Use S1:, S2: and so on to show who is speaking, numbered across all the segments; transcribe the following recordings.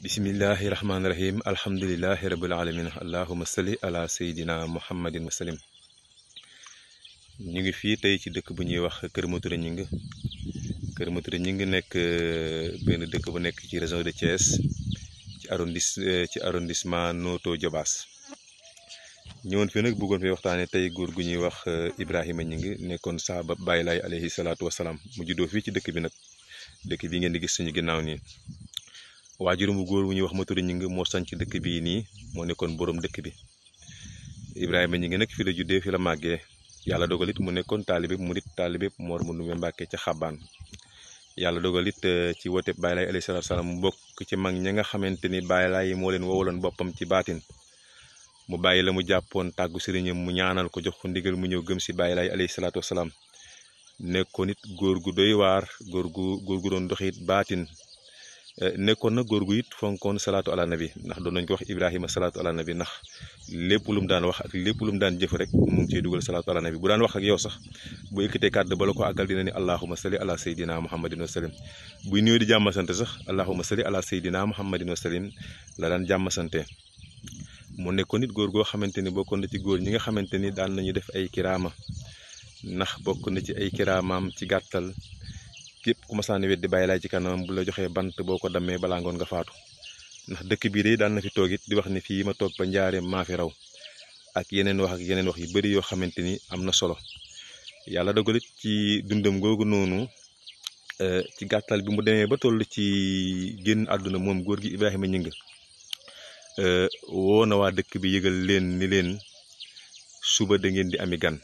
S1: bismillahi rahmaani rahim alhamdulilahi rabil alamin allahuma salli ala sayidina muhammadin wasalim ñu ngi fii tey ci dëkk bu ñuy wax Kër Matouré Gningue Kër Matouré Gningue nekk euh, benn dëkk bu nekk ci région de Thiès ci arondis euh, ci arrondissement Notto Diobass ñëwoon fii nag bëggoon fi waxtaane tey góor gu ñuy wax euh, Ibrahima Gningue nekkoon saaba bàyyi Laay alayhi salaatu wasalaam mu juddoo fii ci dëkk bi nag dëkk bi ngeen di gis suñu ginnaaw nii waajurum bu goor wu ñuy wax Matouré ñi mo sañ ci dëkk bi ni mo nekkon borom dëkk bi Ibrahima ñi nga nag fi la juddé fi la maggé yalla dogalit mu nekkoon taalibe murit talibé Mor Mandumbe Mbàkke ca Xabaan yàlla dogal it eh, ci wote ali sallallahu alayhi wasallam bok ci mag ñi nga xamanteni baylay yi leen wowalon bopam ci batin mu bàyyi la mu jappon mu ñaanal ko jox ko ndigal mu gëm si ali sallallahu alayhi wasallam wasalaam nekkoon gu doy war góor gu góor gu doxit batin nekkoon na góor gu it fonkoon salaatu ala ndax doon nañ ko wax Ibrahima salaatu ala nabi ndax lépp lu mu daan wax ak lépp lu mu daan jëf rek mu ngi ciy dugal salaatu ala bu daan wax ak yow sax bu ekkitee kàddu bala ko àggal dina ni allahuma salli ala sayyidina muhammadin wa salim buy nuyoo di jàmm sante sax allahuma salli ala sayyidina muhammadin wa salim la daan jàmm sante mu nekkoon it góor goo xamante ni bokkoon na ci góor ñi nga xamante ni daan nañu def ay kiraama ndax na ci ay kiraamaam ci gàttal képp ku ma sànni weddi bàyyi laay ci kanamam bu la joxee bant boo ko dammee balaa ngoon nga faatu ndax dëkk bii de daan na fi toog it di wax ni fii ma toog ba njaareem maa fi raw ak yeneen wax ak yeneen wax yu bari yoo xamante ni am na solo yàlla dogal ci dundam googu noonu eh, ci gàttal bi mu demee ba toll ci génn àdduna moom góor gi Ibrahima Ñing eh, woo na waa dëkk bi yëgal leen ni leen suba da ngeen di ami gan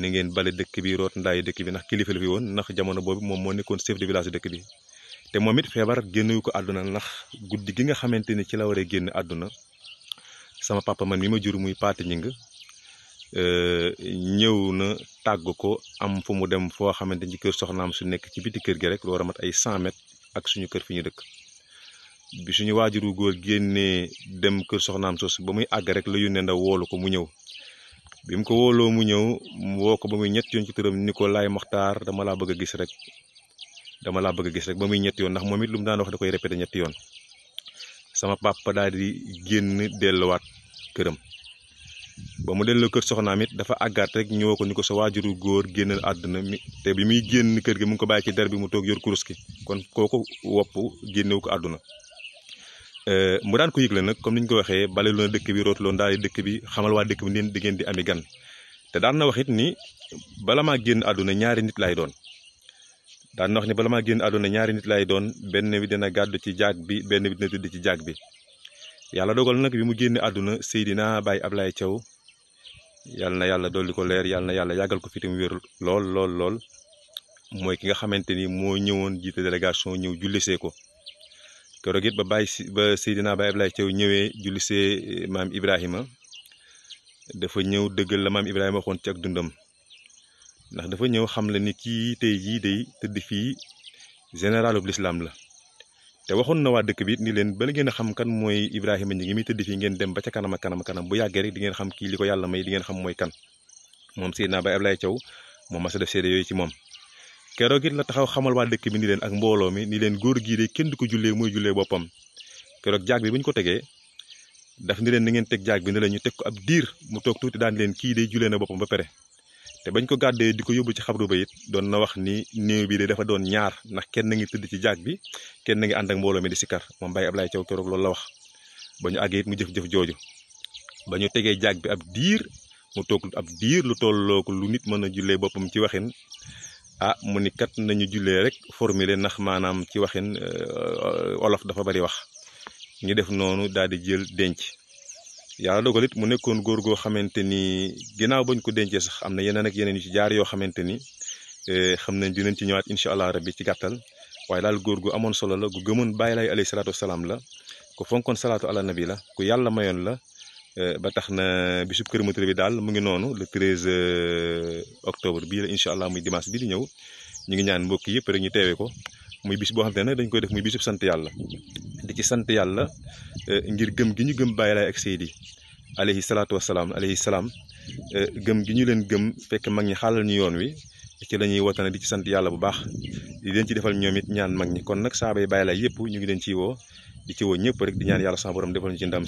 S1: ni ngeen balé dëkk bi root ndaayi dëkk bi nak kilifa fi won nak jamono bobu mom mo nekkon chef de village dëkk bi té momit it feebar ko aduna nak guddi gi nga xamanteni ci la wara aduna sama papa man mi ma juru muy pat ñing euh, ñëw na tag ko am fu mu dem fo xamanteni ni kër su nekk ci biti kër gi rek lu wara mat ay 100 mètres ak suñu kër fi ñu dëkk bi suñu wajuru góor dem kër soxnaam sos ba muy ag rek la ne nda wolu ko mu ñëw bi mu ko wooloo mu ñëw mu woo ko ba muy ñett yoon ci turam ni ko laay maxtaar dama laa bëgg a gis rek dama laa bëgg a gis rek ba muy ñett yoon ndax moom it lu mu daan wax da koy répété ñetti yoon sama papa daal di génn dellowaat këram ba mu delloo kër soxnaam it dafa àggaat rek ñëwoo ko ni ko sa waajuru góor génnal àdduna mi te bi muy génn kër gi mu ngi ko bàyyi ci der bi mu toog yor kurus gi kon kooku wopp génnewu ko àdduna Euh, mu daan ko yëgle nag comme ni ñu ko waxee bale loon dëkk bi rootuloon daal dëkk bi xamal waa dëkk bi neen di ngeen di ami gan te daan na wax it ni bala maa génn àdduna ñaari nit laay doon daan na wax bala maa génn àdduna ñaari nit laay doon benn bi dina gàddu ci jaag bi benn bi dina tëdd ci jaag bi yàlla dogal nag bi mu génn àdduna Seydina Baye Ablaye Thiaw yàlla na yàlla dolli ko leer yàlla yàlla yàggal ko fi tam wér lool lool mooy ki nga xamante ni moo ñëwoon jiite délégation ñëw jullisee ko keroog it ba bàyyi si ba Seydina Baye Ablaye Thiaw ñëwee jullisee eh, maam Ibrahima dafa ñëw dëggal la maam Ibrahima waxoon ci ak dundam ndax dafa ñëw xam la ni kii tey jii day tëdd fii général bu lislaam la te waxoon na waa dëkk bi ni leen bala ngeen a xam kan mooy Ibrahima ñi ngi muy tëdd fii ngeen dem ba ca kanama ak kanam ak bu yàggee rek di ngeen xam kii li ko yàlla may di ngeen xam mooy kan moom Seydina Baye Ablaye Thiaw moom mas a def seede yooyu ci moom kéro gi la taxaw xamal wa dëkk bi ni leen ak mbolo mi ni leen góor gi de kenn du ko jullee muy jullee boppam keroog jaag bi buñ ko tégué daf ni leen ni ngeen teg jaag bi ni ñu ko ab diir mu tok tuti daan leen ki na bopam ba te bañ ko gaddé di yobbu ci xabru bayit na wax ni néew bi de dafa doon ñaar nak kenn na ngi tëdd ci jaag bi kenn na ngi ak mbolo mi di sikar mom bay Ablaye ciow kéro loolu la wax bañu aggé it mu jëf-jëf jooju bañu tégué tegee jaag bi ab diir mu tok ab diir lu tollok lu nit mëna bopam ci waxin ah mu ni kat nañu jullee rek formuler nax maanaam ci waxin euh, euh, olof dafa bari wax ñu def noonu daal di jël denc yàlla dogal it mu nekkoon góor goo xamante ni ginnaaw bañ ko dencee sax am na yeneen ak yeneen yu ci jaar yoo xamante ni euh, xam nañ dinañ ci ñëwaat incha allah rabbi ci gàttal waaye daal góor gu amoon solo la gu gëmoon bàyyi lay alayhi salaatu salaam la ku fonkoon salaatu ala nabi la ku yàlla mayoon la Eh, ba tax na bisub Kër Moutouré bi dal mu ngi nonu le 13 euh, octobre bi inshallah muy dimanche bi di ñew ñu ngi ñaan mbokk yépp rek ñu téwé ko muy bis bo xam te dañ koy def muy bisub sante yalla di ci sante yalla euh, ngir gëm gi ñu gëm bàyyi laay ak seydi alayhi salatu wassalam alayhi salam euh, gëm gi ñu leen gëm fekk mag ñi xalal ñu yoon wi ci lañuy ñuy di ci sante yalla bu baax di leen ci defal ñoomit ñaan mag ñi kon nak saabay bàyyi laay yépp ñu ngi leen ci wo di ci wo ñëpp rek di ñaan yalla sama borom defal ñu ci ndam